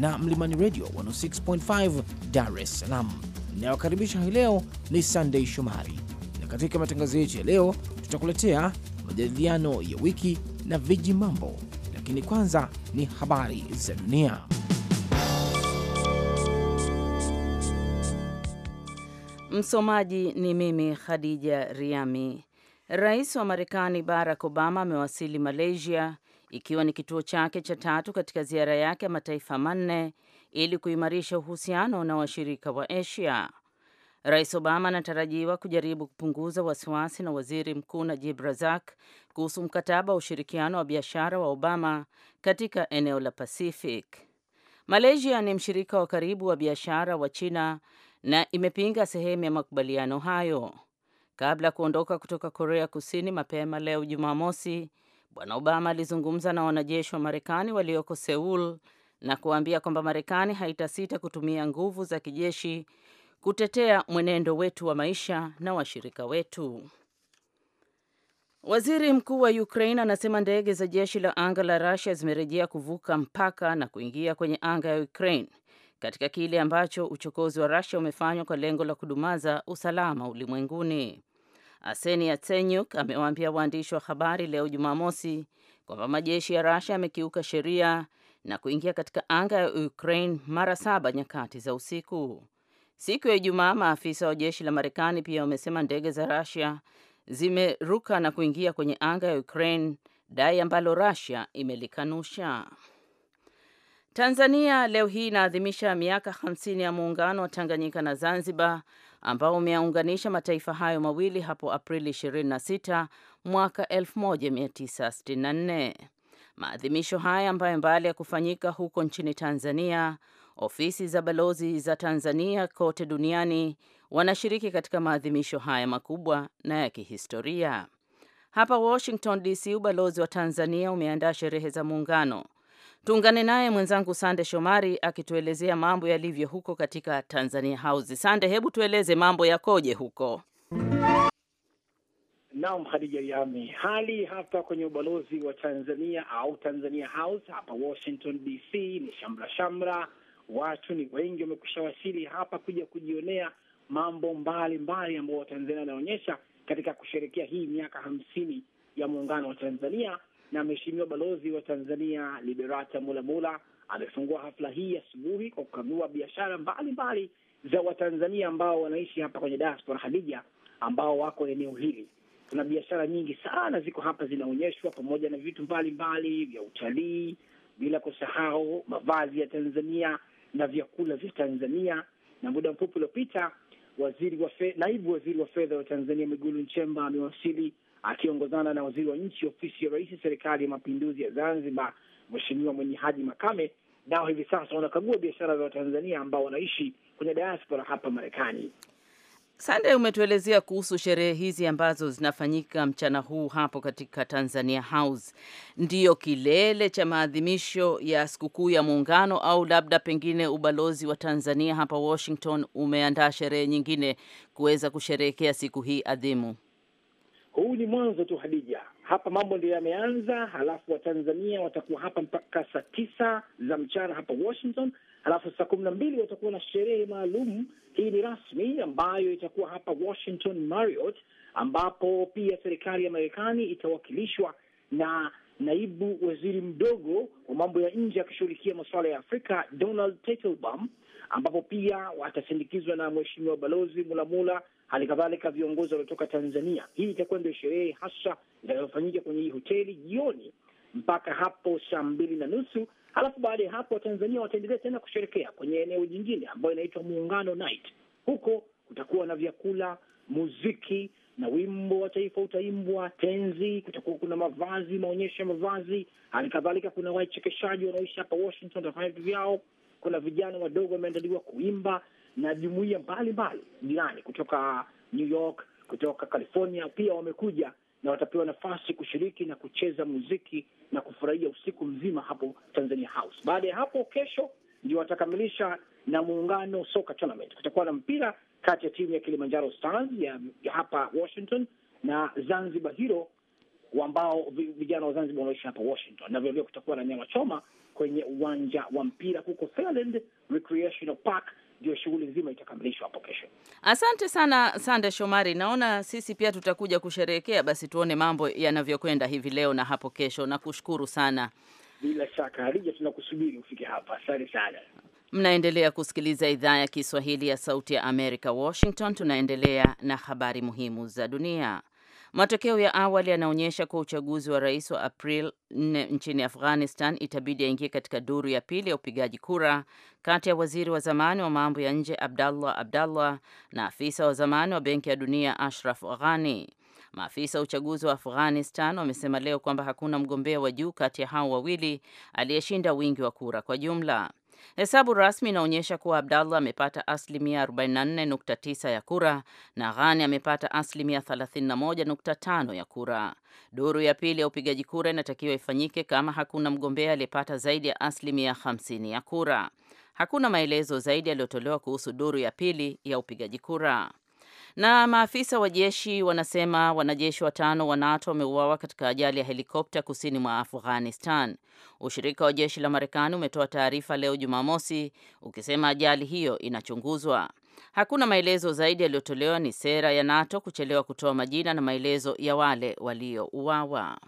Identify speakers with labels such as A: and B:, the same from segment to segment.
A: na Mlimani Radio 106.5 Dar es Salaam. Inayokaribisha hii leo ni Sunday Shomari, na katika matangazo yetu ya leo tutakuletea majadiliano ya wiki na viji mambo, lakini kwanza ni habari
B: za dunia. Msomaji ni mimi Khadija Riami. Rais wa Marekani Barack Obama amewasili Malaysia ikiwa ni kituo chake cha tatu katika ziara yake ya mataifa manne ili kuimarisha uhusiano na washirika wa Asia. Rais Obama anatarajiwa kujaribu kupunguza wasiwasi na waziri mkuu Najib Razak kuhusu mkataba wa ushirikiano wa biashara wa Obama katika eneo la Pacific. Malaysia ni mshirika wa karibu wa biashara wa China na imepinga sehemu ya makubaliano hayo. Kabla ya kuondoka kutoka Korea Kusini mapema leo Jumamosi, Bwana Obama alizungumza na wanajeshi wa Marekani walioko Seul na kuwaambia kwamba Marekani haitasita kutumia nguvu za kijeshi kutetea mwenendo wetu wa maisha na washirika wetu. Waziri mkuu wa Ukraine anasema ndege za jeshi la anga la Russia zimerejea kuvuka mpaka na kuingia kwenye anga ya Ukraine katika kile ambacho uchokozi wa Russia umefanywa kwa lengo la kudumaza usalama ulimwenguni. Aseni Yatsenyuk amewaambia waandishi wa habari leo Jumamosi kwamba majeshi ya Russia yamekiuka sheria na kuingia katika anga ya Ukraine mara saba nyakati za usiku. Siku ya Ijumaa, maafisa wa jeshi la Marekani pia wamesema ndege za rasia zimeruka na kuingia kwenye anga ya Ukraine, dai ambalo rasia imelikanusha. Tanzania leo hii inaadhimisha miaka 50 ya muungano wa Tanganyika na Zanzibar ambao umeaunganisha mataifa hayo mawili hapo Aprili 26 mwaka 1964. Maadhimisho haya ambayo mbali ya kufanyika huko nchini Tanzania, ofisi za balozi za Tanzania kote duniani wanashiriki katika maadhimisho haya makubwa na ya kihistoria. Hapa Washington DC, ubalozi wa Tanzania umeandaa sherehe za muungano Tuungane naye mwenzangu Sande Shomari akituelezea mambo yalivyo huko katika Tanzania House. Sande, hebu tueleze mambo yakoje huko?
C: Naam, Khadija Riami, hali hapa kwenye ubalozi wa Tanzania au Tanzania House hapa Washington DC ni shamra shamra. Watu ni wengi, wamekusha wasili hapa kuja kujionea mambo mbalimbali ambayo Watanzania wanaonyesha katika kusherekea hii miaka hamsini ya muungano wa Tanzania na mheshimiwa balozi wa Tanzania Liberata Mulamula amefungua hafla hii asubuhi kwa kukagua biashara mbalimbali za Watanzania ambao wanaishi hapa kwenye diaspora Hadija, ambao wako eneo hili. Kuna biashara nyingi sana ziko hapa zinaonyeshwa, pamoja na vitu mbalimbali vya utalii, bila kusahau mavazi ya Tanzania na vyakula vya Tanzania. Na muda mfupi uliopita, waziri wa naibu waziri wa fedha wa Tanzania Mwigulu Nchemba amewasili akiongozana na waziri wa nchi ofisi ya rais, serikali ya mapinduzi ya Zanzibar, Mheshimiwa haji Makame, nao hivi sasa wanakagua biashara za Watanzania ambao wanaishi kwenye diaspora hapa Marekani.
B: Sande, umetuelezea kuhusu sherehe hizi ambazo zinafanyika mchana huu hapo katika Tanzania House. Ndiyo kilele cha maadhimisho ya sikukuu ya Muungano, au labda pengine ubalozi wa Tanzania hapa Washington umeandaa sherehe nyingine kuweza kusherehekea siku hii adhimu?
C: huu ni mwanzo tu, Hadija. Hapa mambo ndio yameanza, halafu Watanzania watakuwa hapa mpaka saa tisa za mchana hapa Washington, halafu saa kumi na mbili watakuwa na sherehe maalum. Hii ni rasmi ambayo itakuwa hapa Washington Marriott, ambapo pia serikali ya Marekani itawakilishwa na naibu waziri mdogo wa mambo ya nje akishughulikia masuala ya Afrika Donald Teitelbaum ambapo pia watasindikizwa na mheshimiwa balozi Mulamula, hali kadhalika viongozi waliotoka Tanzania. Hii itakuwa ndio sherehe hasa itakayofanyika kwenye hii hoteli jioni mpaka hapo saa mbili na nusu. Halafu baada ya hapo Watanzania wataendelea tena kusherekea kwenye eneo jingine ambayo inaitwa Muungano Night. Huko kutakuwa na vyakula, muziki na wimbo wa taifa utaimbwa, tenzi. Kutakuwa kuna mavazi, maonyesho ya mavazi, hali kadhalika kuna wachekeshaji wanaoishi hapa Washington watafanya vitu vyao kuna vijana wadogo wameandaliwa kuimba na jumuia mbalimbali jirani kutoka New York, kutoka California pia wamekuja na watapewa nafasi kushiriki na kucheza muziki na kufurahia usiku mzima hapo Tanzania House. Baada ya hapo, kesho ndio watakamilisha na muungano soka tournament. Kutakuwa na mpira kati ya timu ya Kilimanjaro Stars ya, ya hapa Washington na Zanzibar Hero ambao vijana wa Zanzibar wanaishi hapa Washington, na kutakuwa na nyama choma kwenye uwanja wa mpira huko Fairland Recreational Park. Ndio shughuli nzima itakamilishwa hapo kesho.
B: Asante sana Sande Shomari, naona sisi pia tutakuja kusherehekea, basi tuone mambo yanavyokwenda hivi leo na hapo kesho. Nakushukuru sana.
C: Bila shaka Harija, tunakusubiri
D: ufike hapa. Asante sana.
B: Mnaendelea kusikiliza idhaa ya Kiswahili ya Sauti ya Amerika, Washington. Tunaendelea na habari muhimu za dunia. Matokeo ya awali yanaonyesha kuwa uchaguzi wa rais wa April 4 nchini Afghanistan itabidi aingie katika duru ya pili ya upigaji kura kati ya waziri wa zamani wa mambo ya nje Abdallah Abdallah na afisa wa zamani wa Benki ya Dunia Ashraf Ghani. Maafisa wa uchaguzi wa Afghanistan wamesema leo kwamba hakuna mgombea wa juu kati ya hao wawili aliyeshinda wingi wa kura kwa jumla. Hesabu rasmi inaonyesha kuwa Abdallah amepata asilimia 44.9 ya kura na Ghani amepata asilimia 31.5 ya kura. Duru ya pili ya upigaji kura inatakiwa ifanyike kama hakuna mgombea aliyepata zaidi ya asilimia 50 ya kura. Hakuna maelezo zaidi yaliyotolewa kuhusu duru ya pili ya upigaji kura. Na maafisa wa jeshi wanasema wanajeshi watano wa NATO wameuawa katika ajali ya helikopta kusini mwa Afghanistan. Ushirika wa jeshi la Marekani umetoa taarifa leo Jumamosi ukisema ajali hiyo inachunguzwa. Hakuna maelezo zaidi yaliyotolewa. Ni sera ya NATO kuchelewa kutoa majina na maelezo ya wale waliouawa.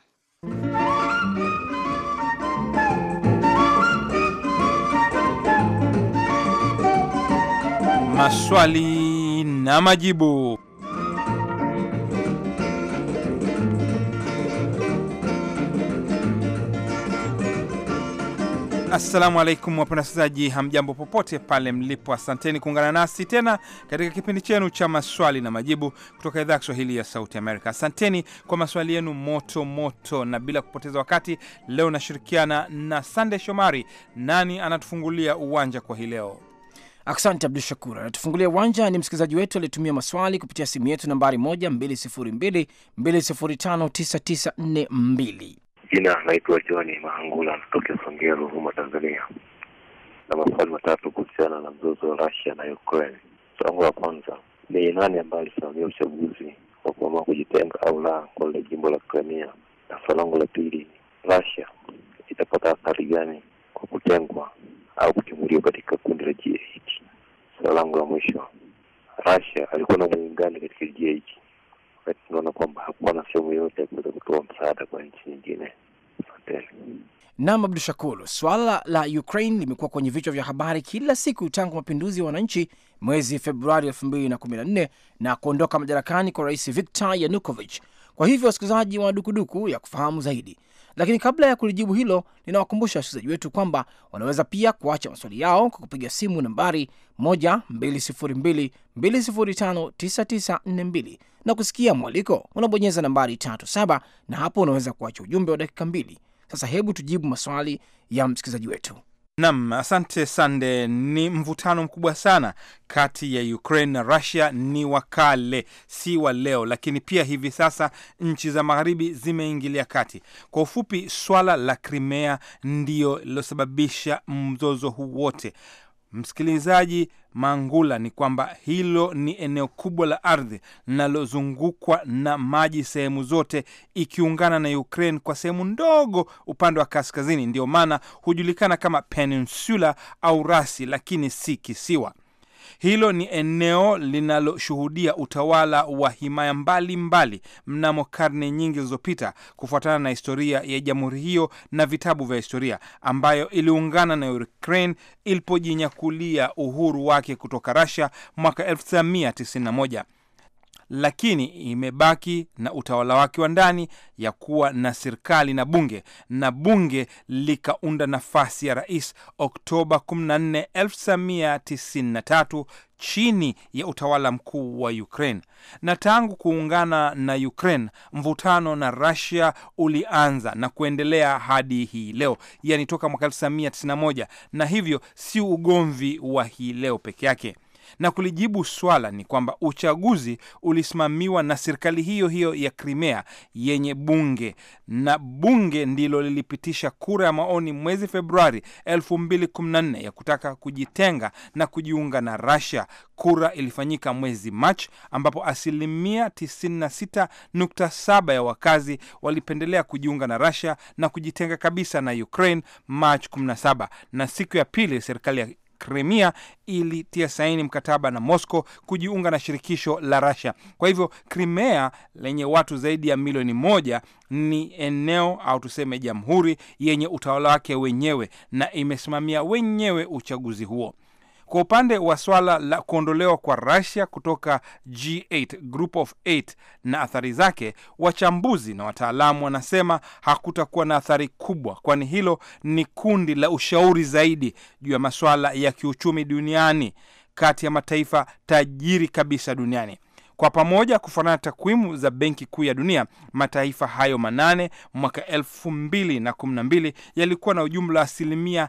E: Maswali na majibu. Assalamu alaikum wapenda wasikilizaji, hamjambo popote pale mlipo. Asanteni kuungana nasi tena katika kipindi chenu cha maswali na majibu kutoka idhaa ya Kiswahili ya Sauti Amerika. Asanteni kwa maswali yenu moto moto, na bila kupoteza wakati, leo nashirikiana na Sande Shomari. Nani anatufungulia uwanja kwa hii leo? Asante Abdu
A: Shakur. Anatufungulia uwanja ni msikilizaji wetu aliyetumia maswali kupitia simu yetu nambari moja mbili sifuri mbili mbili sifuri tano tisa tisa nne mbili.
D: Jina naitwa Johni Mahangula, natokea Songea, Ruvuma, Tanzania, na maswali matatu kuhusiana na mzozo wa Russia na Ukraine. Swali la kwanza ni nani ambaye alisimamia uchaguzi wa kuamua kujitenga au la kwa lile jimbo la Crimea? Na swali langu la pili, Russia itapata athari gani kwa kutengwa au kuchukuliwa katika kundi la GH. 8 langu la mwisho, Russia alikuwa na muungano katika GH wakati tunaona kwamba hakuwa na sehemu yoyote ya kuweza kutoa msaada kwa nchi nyingine.
A: Naam, Abdu Shakuru, swala la Ukraine limekuwa kwenye vichwa vya habari kila siku tangu mapinduzi ya wananchi mwezi Februari elfu mbili na kumi na nne na kuondoka madarakani kwa Rais Viktor Yanukovich. Kwa hivyo, wasikilizaji wa dukuduku ya kufahamu zaidi lakini kabla ya kulijibu hilo, ninawakumbusha wasikilizaji wetu kwamba wanaweza pia kuacha maswali yao kwa kupiga simu nambari 12022059942 na kusikia mwaliko unabonyeza nambari 37 na hapo unaweza kuacha ujumbe wa dakika mbili. Sasa hebu tujibu maswali ya msikilizaji wetu.
E: Nam, asante Sande. Ni mvutano mkubwa sana kati ya Ukraine na Russia, ni wakale si wa leo, lakini pia hivi sasa nchi za magharibi zimeingilia kati. Kwa ufupi, swala la Crimea ndiyo lilosababisha mzozo huu wote. Msikilizaji Mangula, ni kwamba hilo ni eneo kubwa la ardhi linalozungukwa na maji sehemu zote, ikiungana na Ukraine kwa sehemu ndogo upande wa kaskazini. ndio maana hujulikana kama peninsula au rasi, lakini si kisiwa. Hilo ni eneo linaloshuhudia utawala wa himaya mbalimbali mnamo karne nyingi zilizopita, kufuatana na historia ya jamhuri hiyo na vitabu vya historia, ambayo iliungana na Ukraine ilipojinyakulia uhuru wake kutoka Russia mwaka 1991 lakini imebaki na utawala wake wa ndani ya kuwa na serikali na bunge, na bunge likaunda nafasi ya rais Oktoba 14, 1993 chini ya utawala mkuu wa Ukraine. Na tangu kuungana na Ukraine, mvutano na Russia ulianza na kuendelea hadi hii leo, yani toka mwaka 1991, na hivyo si ugomvi wa hii leo peke yake na kulijibu swala ni kwamba uchaguzi ulisimamiwa na serikali hiyo hiyo ya krimea yenye bunge, na bunge ndilo lilipitisha kura ya maoni mwezi Februari 2014 ya kutaka kujitenga na kujiunga na Russia. Kura ilifanyika mwezi Machi ambapo asilimia 96.7 ya wakazi walipendelea kujiunga na Russia na kujitenga kabisa na Ukraine Machi 17, na siku ya pili serikali ya Crimea ilitia saini mkataba na mosco kujiunga na shirikisho la rasia Kwa hivyo Crimea lenye watu zaidi ya milioni moja ni eneo au tuseme jamhuri yenye utawala wake wenyewe na imesimamia wenyewe uchaguzi huo. Kwa upande wa swala la kuondolewa kwa Russia kutoka G8, group of 8 na athari zake, wachambuzi na wataalamu wanasema hakutakuwa na athari kubwa, kwani hilo ni kundi la ushauri zaidi juu ya masuala ya kiuchumi duniani kati ya mataifa tajiri kabisa duniani. Kwa pamoja, kufuatana na takwimu za Benki Kuu ya Dunia, mataifa hayo manane mwaka elfu mbili na kumi na mbili yalikuwa na ujumla wa asilimia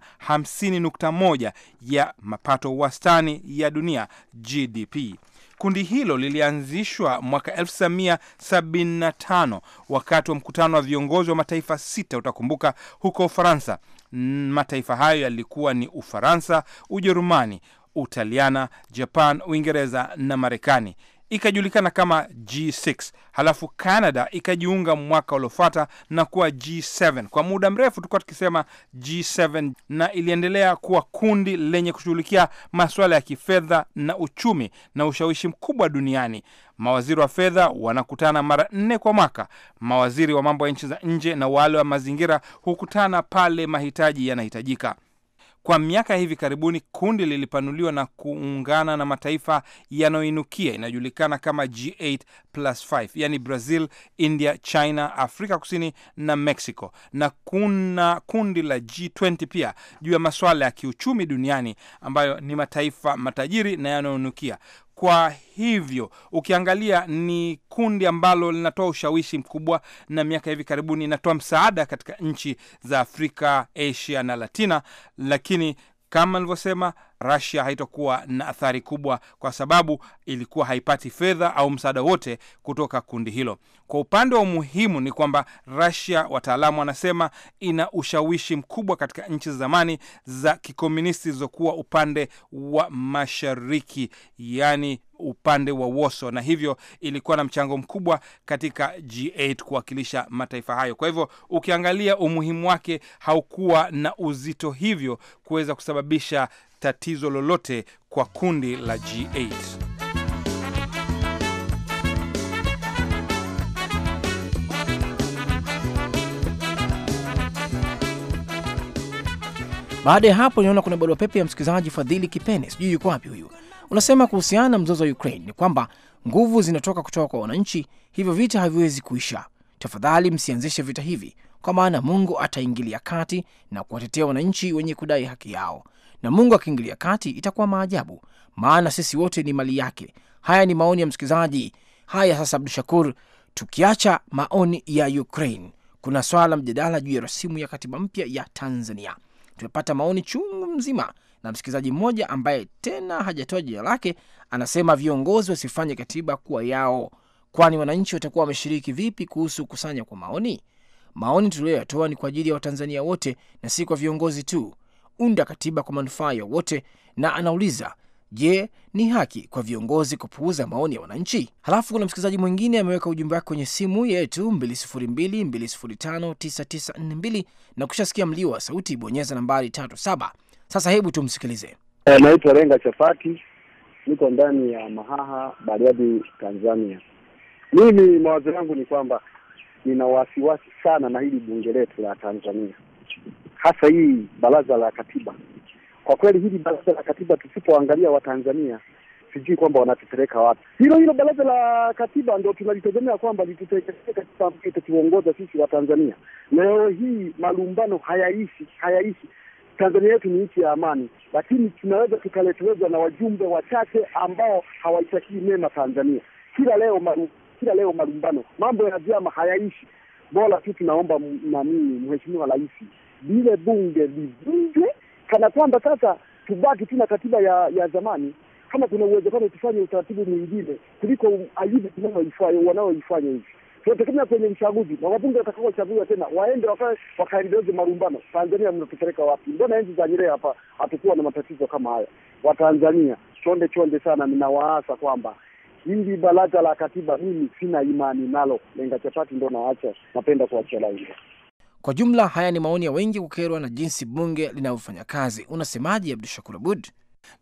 E: moja ya mapato wastani ya dunia GDP. Kundi hilo lilianzishwa mwaka 1975 wakati wa mkutano wa viongozi wa mataifa sita, utakumbuka, huko Ufaransa. Mataifa hayo yalikuwa ni Ufaransa, Ujerumani, Utaliana, Japan, Uingereza na Marekani ikajulikana kama G6, halafu Canada ikajiunga mwaka uliofuata na kuwa G7. Kwa muda mrefu tulikuwa tukisema G7 na iliendelea kuwa kundi lenye kushughulikia masuala ya kifedha na uchumi na ushawishi mkubwa duniani. Mawaziri wa fedha wanakutana mara nne kwa mwaka. Mawaziri wa mambo ya nchi za nje na wale wa mazingira hukutana pale mahitaji yanahitajika. Kwa miaka hivi karibuni kundi lilipanuliwa na kuungana na mataifa yanayoinukia inayojulikana kama g 5, yani Brazil, India, China, Afrika Kusini na Mexico, na kuna kundi la G20 pia juu ya masuala ya kiuchumi duniani ambayo ni mataifa matajiri na yanayoinukia. Kwa hivyo ukiangalia ni kundi ambalo linatoa ushawishi mkubwa, na miaka hivi karibuni inatoa msaada katika nchi za Afrika, Asia na Latina, lakini kama alivyosema Russia haitokuwa na athari kubwa, kwa sababu ilikuwa haipati fedha au msaada wote kutoka kundi hilo. Kwa upande wa umuhimu ni kwamba Russia, wataalamu wanasema, ina ushawishi mkubwa katika nchi za zamani za kikomunisti zilizokuwa upande wa mashariki, yaani upande wa Warsaw, na hivyo ilikuwa na mchango mkubwa katika G8 kuwakilisha mataifa hayo. Kwa hivyo ukiangalia umuhimu wake haukuwa na uzito hivyo kuweza kusababisha tatizo lolote kwa kundi la G8.
A: Baada ya hapo inaona kuna barua pepe ya msikilizaji Fadhili Kipene, sijui yuko wapi huyu. Unasema kuhusiana na mzozo wa Ukraine ni kwamba nguvu zinatoka kutoka kwa wananchi, hivyo vita haviwezi kuisha. Tafadhali msianzishe vita hivi, kwa maana Mungu ataingilia kati na kuwatetea wananchi wenye kudai haki yao na Mungu akiingilia kati itakuwa maajabu, maana sisi wote ni mali yake. Haya ni maoni ya msikilizaji. Haya sasa, Abdu Shakur, tukiacha maoni ya Ukraine, kuna swala la mjadala juu ya rasimu ya katiba mpya ya Tanzania. Tumepata maoni chungu mzima na msikilizaji mmoja ambaye tena hajatoa jina lake, anasema viongozi wasifanye katiba kuwa yao, kwani wananchi watakuwa wameshiriki vipi kuhusu kukusanya kwa maoni? Maoni tuliyoyatoa ni kwa ajili ya Watanzania wote na si kwa viongozi tu kuunda katiba kwa manufaa ya wote, na anauliza je, ni haki kwa viongozi kupuuza maoni ya wananchi? Halafu kuna msikilizaji mwingine ameweka ujumbe wake kwenye simu yetu 2022059942 na kushasikia mlio wa sauti, bonyeza nambari 37. Sasa hebu tumsikilize.
D: E, naitwa Renga Chafati, niko ndani ya Mahaha, Bariadi, Tanzania. Mimi mawazo yangu ni kwamba nina wasiwasi sana na hili bunge letu la Tanzania hasa hii baraza la katiba. Kwa kweli hili baraza la katiba tusipoangalia, Watanzania sijui kwamba wanatupeleka wapi. Hilo hilo baraza la katiba ndo tunalitegemea kwamba litutekeleze katiba ambayo itatuongoza sisi Watanzania. Leo hii malumbano hayaishi, hayaishi. Tanzania yetu ni nchi ya amani, lakini tunaweza tukaletelezwa na wajumbe wachache ambao hawaitakii mema Tanzania. Kila leo maru, kila leo malumbano, mambo ya vyama hayaishi. Bora tu tunaomba nanii, mheshimiwa Rais lile bunge livunjwe, kana kwamba sasa tubaki tu na katiba ya ya zamani, kama kuna uwezekano tufanye utaratibu mwingine kuliko aibu wanaoifanya hivi. Tunategemea kwenye uchaguzi na wabunge watakaochaguliwa tena waende wakaendeleze marumbano. Tanzania mnatupeleka wapi? Mbona enzi za Nyerere hapa hatukuwa na matatizo kama haya? Watanzania chonde chonde sana, ninawaasa kwamba hili baraza la katiba mimi sina imani nalo. Lenga chapati ndo naacha, napenda
A: kuacha laini. Kwa jumla, haya ni maoni ya wengi kukerwa na jinsi bunge linavyofanya kazi.
E: Unasemaje Abdu Shakur Abud?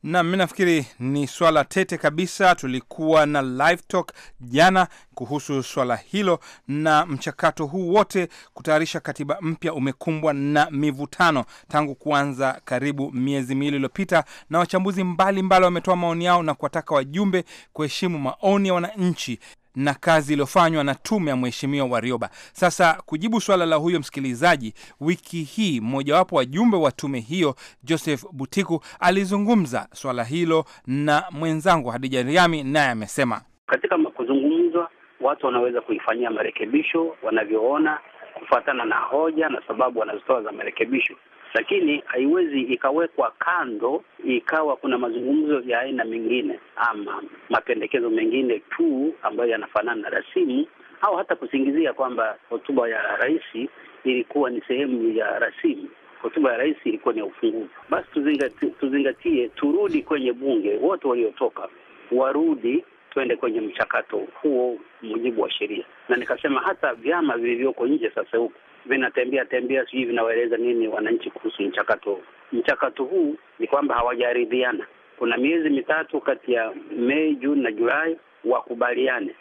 E: Nam, mi nafikiri ni swala tete kabisa. Tulikuwa na live talk jana kuhusu swala hilo, na mchakato huu wote kutayarisha katiba mpya umekumbwa na mivutano tangu kuanza karibu miezi miwili iliyopita, na wachambuzi mbalimbali wametoa maoni yao na kuwataka wajumbe kuheshimu maoni ya wananchi na kazi iliyofanywa na tume ya mheshimiwa Warioba. Sasa kujibu swala la huyo msikilizaji, wiki hii mmojawapo wajumbe wa tume hiyo Joseph Butiku alizungumza swala hilo na mwenzangu Hadija Riami, naye amesema
F: katika kuzungumzwa, watu wanaweza kuifanyia marekebisho wanavyoona kufuatana na hoja na sababu wanazotoa za marekebisho lakini haiwezi ikawekwa kando ikawa kuna mazungumzo ya aina mengine ama mapendekezo mengine tu ambayo yanafanana na rasimu au hata kusingizia kwamba hotuba ya rais ilikuwa ni sehemu ya rasimu. Hotuba ya rais ilikuwa ni ya ufunguzi. Basi tuzingatie, tuzingatie, turudi kwenye bunge, wote waliotoka warudi, tuende kwenye mchakato huo mujibu wa sheria. Na nikasema hata vyama vilivyoko nje sasa huku vinatembea tembea, sijui vinawaeleza nini wananchi kuhusu mchakato huu. Mchakato huu ni kwamba hawajaridhiana. Kuna miezi mitatu kati ya Mei, Juni na Julai wakubaliane,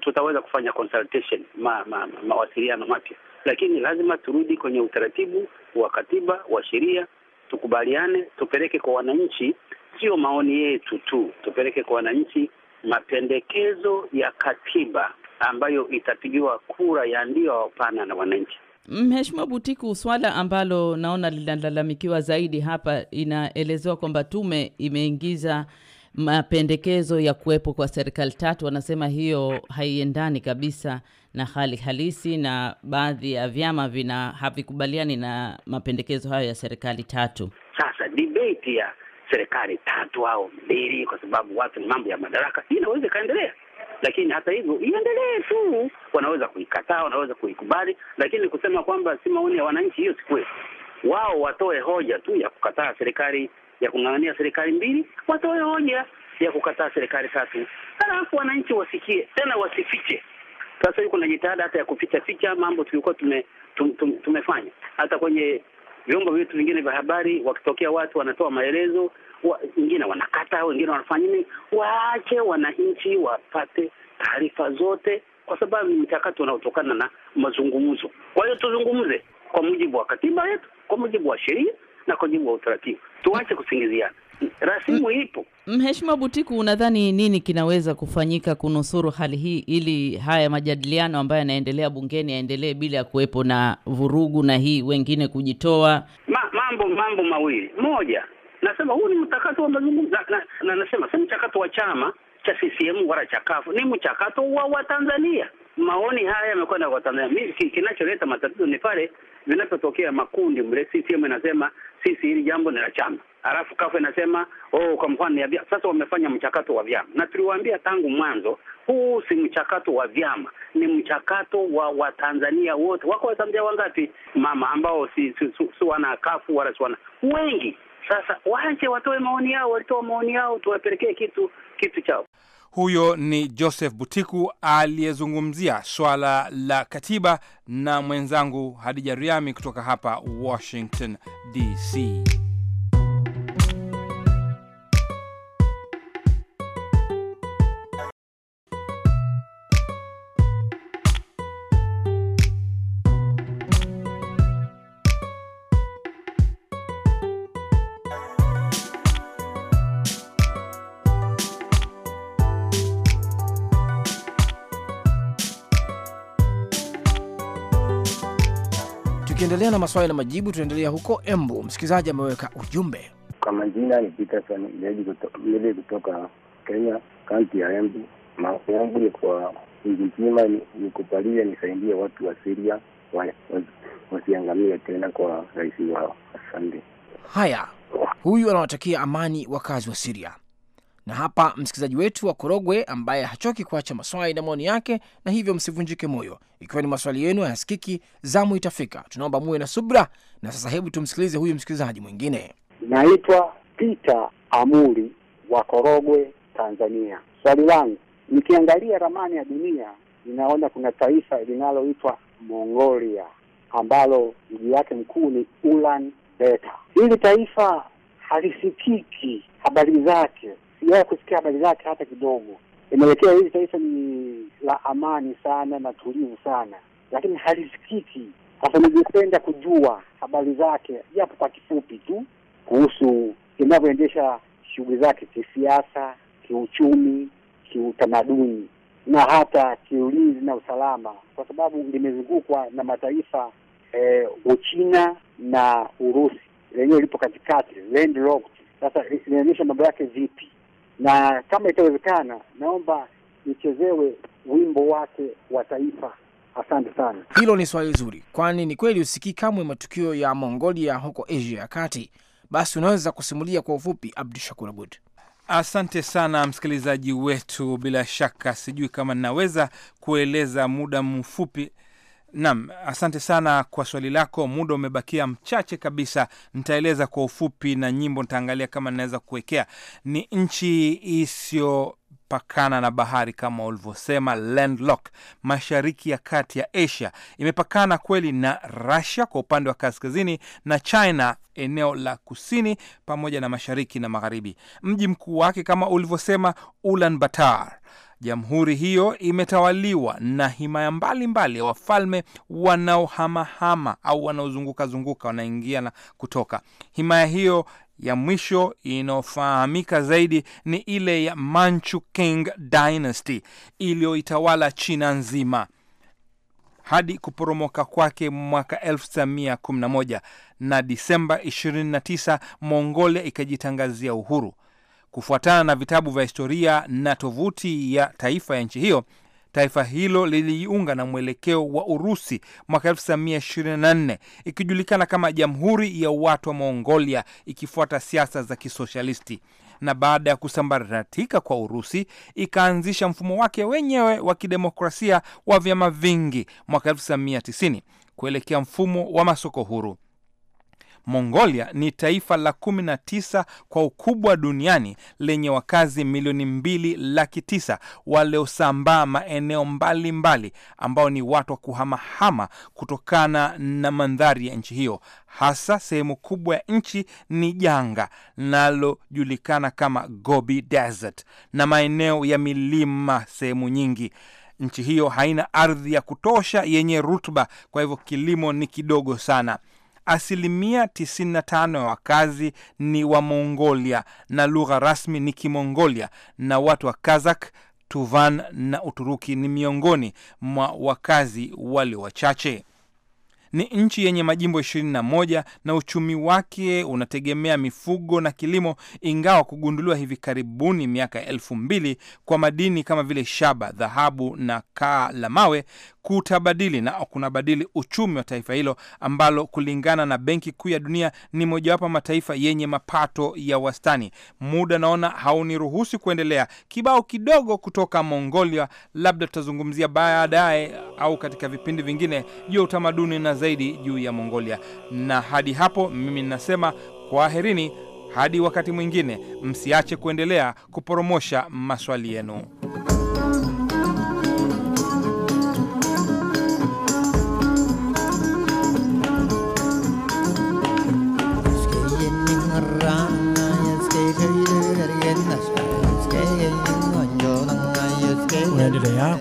F: tutaweza kufanya consultation, ma, ma, ma, mawasiliano mapya, lakini lazima turudi kwenye utaratibu wa katiba wa sheria, tukubaliane, tupeleke kwa wananchi, sio maoni yetu tu, tupeleke kwa wananchi mapendekezo ya katiba ambayo itapigiwa kura ya ndio au hapana na wananchi.
B: Mheshimiwa Butiku, swala ambalo naona linalalamikiwa zaidi hapa, inaelezewa kwamba tume imeingiza mapendekezo ya kuwepo kwa serikali tatu. Wanasema hiyo haiendani kabisa na hali halisi, na baadhi ya vyama vina havikubaliani na mapendekezo hayo ya serikali tatu. Sasa
F: debate ya serikali tatu au mbili, kwa sababu watu ni mambo ya madaraka, hii inaweza ikaendelea lakini hata hivyo iendelee tu. Wanaweza kuikataa, wanaweza kuikubali, lakini kusema kwamba si maoni ya wananchi, hiyo si kweli. Wao watoe hoja tu ya kukataa serikali ya kung'ang'ania serikali mbili, watoe hoja ya kukataa serikali tatu, halafu wananchi wasikie, tena wasifiche. Sasa yuko na jitihada hata ya kuficha ficha mambo tulikuwa tume, tum, tum, tumefanya hata kwenye vyombo vyetu vingine vya habari, wakitokea watu wanatoa maelezo wa, wengine wanakata, wengine wanafanya nini, waache wananchi wapate taarifa zote, kwa sababu ni mchakato unaotokana na
D: mazungumzo.
F: Kwa hiyo tuzungumze kwa mujibu wa katiba yetu, kwa mujibu wa sheria na kwa mujibu wa utaratibu, tuache kusingiziana
B: rasimu ipo. Mheshimiwa Butiku, unadhani nini kinaweza kufanyika kunusuru hali hii ili haya majadiliano ambayo yanaendelea bungeni yaendelee bila ya kuwepo na vurugu na hii wengine kujitoa?
F: Ma, mambo mambo mawili. Moja, nasema huu ni mchakato wa mazungumzo na, na nasema si mchakato wa chama cha CCM wala cha CUF, ni mchakato wa Watanzania. Maoni haya yamekwenda kwa Tanzania. Mimi kinacholeta matatizo ni pale vinapotokea makundi mle. CCM inasema sisi hili jambo ni la chama halafu kafu inasema oh, kwa mfano ya vyama. Sasa wamefanya mchakato wa vyama, na tuliwaambia tangu mwanzo, huu si mchakato wa vyama, ni mchakato wa Watanzania wote. Wako Watanzania wangapi mama ambao si, si, si, si wana kafu wala si wana wengi? Sasa waache watoe maoni yao, walitoa maoni yao, tuwapelekee kitu kitu chao.
E: Huyo ni Joseph Butiku aliyezungumzia swala la katiba na mwenzangu Hadija Riami kutoka hapa Washington DC.
A: Tukiendelea na maswali na majibu, tunaendelea huko Embu. Msikilizaji ameweka ujumbe
D: kwa majina ni Peterson Mleli kutoka Kenya, kaunti ya Embu. Maombi yangu ni kwa nchi nzima, ni nisaidie watu wa Siria wasiangamie tena kwa rais wao. Asante.
A: Haya, huyu anawatakia amani wakazi wa Siria. Na hapa msikilizaji wetu wa Korogwe ambaye hachoki kuacha maswali na maoni yake, na hivyo msivunjike moyo ikiwa ni maswali yenu hayasikiki, zamu itafika. Tunaomba muwe na subra. Na sasa hebu tumsikilize huyu msikilizaji mwingine.
D: Naitwa Peter Amuri wa Korogwe, Tanzania. Swali langu, nikiangalia ramani ya dunia inaona kuna taifa linaloitwa Mongolia ambalo mji wake mkuu ni Ulan Beta. Hili taifa halisikiki habari zake sijawahi kusikia habari zake hata kidogo. Inaelekea hili taifa ni la amani sana na tulivu sana, lakini halisikiki. Sasa nijipenda kujua habari zake japo kwa kifupi tu kuhusu inavyoendesha shughuli zake kisiasa, kiuchumi, kiutamaduni na hata kiulinzi na usalama, kwa sababu limezungukwa na mataifa e, Uchina na Urusi, lenyewe lipo katikati landlocked. Sasa linaonyesha mambo yake vipi? na kama itawezekana, naomba nichezewe wimbo wake wa taifa. Asante sana.
A: Hilo ni swali zuri, kwani ni kweli usikii kamwe matukio ya Mongolia huko Asia ya kati. Basi unaweza kusimulia kwa ufupi, Abdu Shakur Abud?
E: Asante sana msikilizaji wetu, bila shaka sijui kama ninaweza kueleza muda mfupi Naam, asante sana kwa swali lako. Muda umebakia mchache kabisa, nitaeleza kwa ufupi na nyimbo nitaangalia kama ninaweza kuwekea. Ni nchi isiyo pakana na bahari kama ulivyosema, landlock, mashariki ya kati ya Asia. Imepakana kweli na Russia kwa upande wa kaskazini na China eneo la kusini, pamoja na mashariki na magharibi. Mji mkuu wake kama ulivyosema, Ulan Jamhuri hiyo imetawaliwa na himaya mbalimbali ya wafalme wanaohamahama au wanaozungukazunguka, wanaingia na kutoka. Himaya hiyo ya mwisho inayofahamika zaidi ni ile ya Manchu King Dynasty iliyoitawala China nzima hadi kuporomoka kwake mwaka 1911 na Disemba 29 Mongolia ikajitangazia uhuru. Kufuatana na vitabu vya historia na tovuti ya taifa ya nchi hiyo, taifa hilo lilijiunga na mwelekeo wa Urusi mwaka 1924 ikijulikana kama Jamhuri ya Watu wa Mongolia, ikifuata siasa za kisoshalisti na baada ya kusambaratika kwa Urusi ikaanzisha mfumo wake wenyewe wa kidemokrasia wa vyama vingi mwaka 1990 kuelekea mfumo wa masoko huru. Mongolia ni taifa la kumi na tisa kwa ukubwa duniani lenye wakazi milioni mbili laki tisa waliosambaa maeneo mbalimbali mbali, ambao ni watu wa kuhamahama kutokana na mandhari ya nchi hiyo. Hasa sehemu kubwa ya nchi ni janga linalojulikana kama Gobi Desert na maeneo ya milima sehemu nyingi. Nchi hiyo haina ardhi ya kutosha yenye rutuba, kwa hivyo kilimo ni kidogo sana. Asilimia 95 ya wakazi ni wa Mongolia na lugha rasmi ni Kimongolia, na watu wa Kazakh, Tuvan na Uturuki ni miongoni mwa wakazi walio wachache. Ni nchi yenye majimbo 21 na uchumi wake unategemea mifugo na kilimo, ingawa kugunduliwa hivi karibuni miaka elfu mbili kwa madini kama vile shaba, dhahabu na kaa la mawe kutabadili na kunabadili uchumi wa taifa hilo ambalo kulingana na Benki Kuu ya Dunia ni mojawapo mataifa yenye mapato ya wastani. Muda naona hauniruhusi kuendelea, kibao kidogo kutoka Mongolia, labda tutazungumzia baadaye au katika vipindi vingine juu ya utamaduni na zaidi juu ya Mongolia. Na hadi hapo mimi ninasema kwaherini, hadi wakati mwingine. Msiache kuendelea kuporomosha maswali yenu.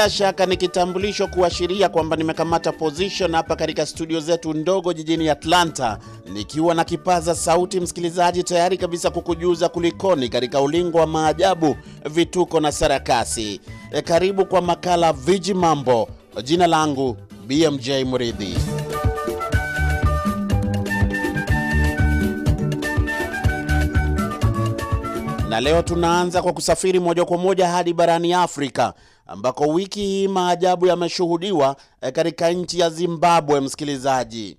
A: bila
G: shaka ni kitambulisho kuashiria kwamba nimekamata position hapa katika studio zetu ndogo jijini Atlanta, nikiwa na kipaza sauti msikilizaji, tayari kabisa kukujuza kulikoni katika ulingo wa maajabu, vituko na sarakasi. E, karibu kwa makala Viji Mambo. Jina langu BMJ Muridhi. Na leo tunaanza kwa kusafiri moja kwa moja hadi barani Afrika ambako wiki hii maajabu yameshuhudiwa eh, katika nchi ya Zimbabwe. Msikilizaji,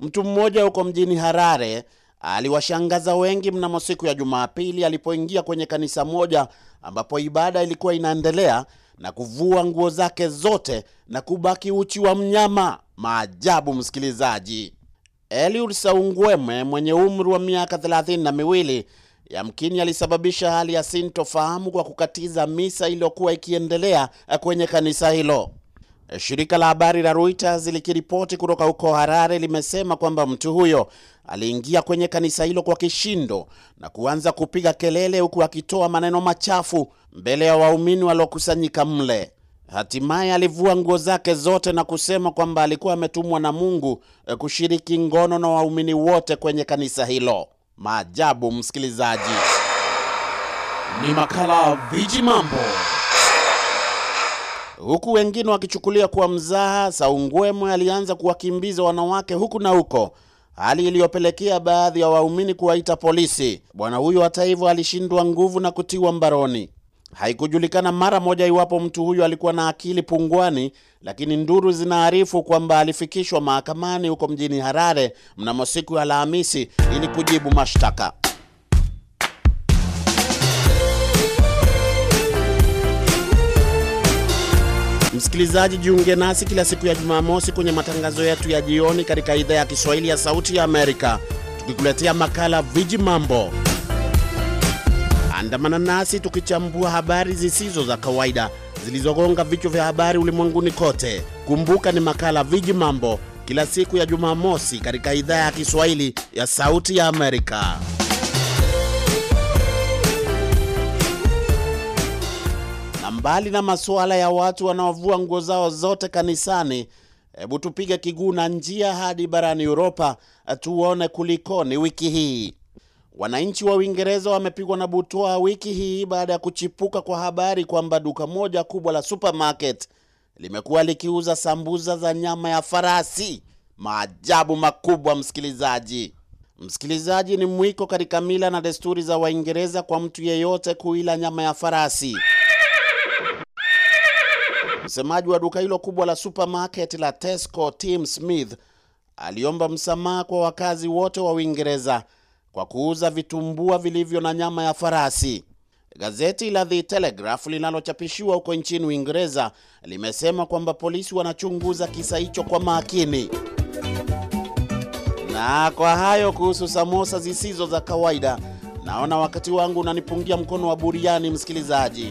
G: mtu mmoja huko mjini Harare aliwashangaza wengi mnamo siku ya Jumapili alipoingia kwenye kanisa moja ambapo ibada ilikuwa inaendelea na kuvua nguo zake zote na kubaki uchi wa mnyama. Maajabu msikilizaji. Eliud Saungweme mwenye umri wa miaka thelathini na miwili yamkini alisababisha hali ya sintofahamu kwa kukatiza misa iliyokuwa ikiendelea kwenye kanisa hilo. E, shirika la habari la Reuters likiripoti kutoka huko Harare limesema kwamba mtu huyo aliingia kwenye kanisa hilo kwa kishindo na kuanza kupiga kelele huku akitoa maneno machafu mbele ya waumini waliokusanyika mle. Hatimaye alivua nguo zake zote na kusema kwamba alikuwa ametumwa na Mungu e, kushiriki ngono na waumini wote kwenye kanisa hilo maajabu. Msikilizaji, ni makala Viji Mambo, huku wengine wakichukulia kuwa mzaha. Saungwemwe alianza kuwakimbiza wanawake huku na huko, hali iliyopelekea baadhi ya waumini kuwaita polisi. Bwana huyo hata hivyo alishindwa nguvu na kutiwa mbaroni. Haikujulikana mara moja iwapo mtu huyo alikuwa na akili pungwani, lakini nduru zinaarifu kwamba alifikishwa mahakamani huko mjini Harare mnamo siku ya Alhamisi ili kujibu mashtaka. Msikilizaji, jiunge nasi kila siku ya Jumamosi kwenye matangazo yetu ya jioni katika idhaa ya Kiswahili ya Sauti ya Amerika, tukikuletea makala Viji Mambo andamana nasi tukichambua habari zisizo za kawaida zilizogonga vichwa vya habari ulimwenguni kote. Kumbuka ni makala Viji Mambo kila siku ya Jumamosi katika idhaa ya Kiswahili ya Sauti ya Amerika. Na mbali na masuala ya watu wanaovua nguo zao zote kanisani, hebu tupige kiguu na njia hadi barani Uropa tuone kulikoni wiki hii. Wananchi wa Uingereza wamepigwa na butoa wiki hii baada ya kuchipuka kwa habari kwamba duka moja kubwa la supermarket limekuwa likiuza sambuza za nyama ya farasi. Maajabu makubwa, msikilizaji. Msikilizaji, ni mwiko katika mila na desturi za Waingereza kwa mtu yeyote kuila nyama ya farasi. Msemaji wa duka hilo kubwa la supermarket la Tesco, Tim Smith, aliomba msamaha kwa wakazi wote wa Uingereza kwa kuuza vitumbua vilivyo na nyama ya farasi. Gazeti la The Telegraph linalochapishiwa huko nchini Uingereza limesema kwamba polisi wanachunguza kisa hicho kwa makini. Na kwa hayo kuhusu samosa zisizo za kawaida, naona wakati wangu unanipungia mkono wa buriani, msikilizaji.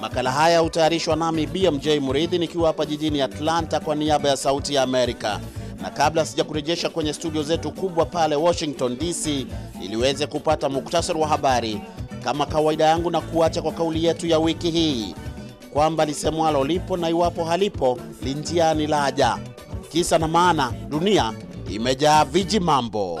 G: Makala haya hutayarishwa nami BMJ Muridhi nikiwa hapa jijini Atlanta kwa niaba ya Sauti ya Amerika na kabla sija kurejesha kwenye studio zetu kubwa pale Washington DC iliweze kupata muktasari wa habari, kama kawaida yangu na kuacha kwa kauli yetu ya wiki hii kwamba lisemwalo lipo na iwapo halipo linjiani laja. Kisa na maana, dunia imejaa viji mambo.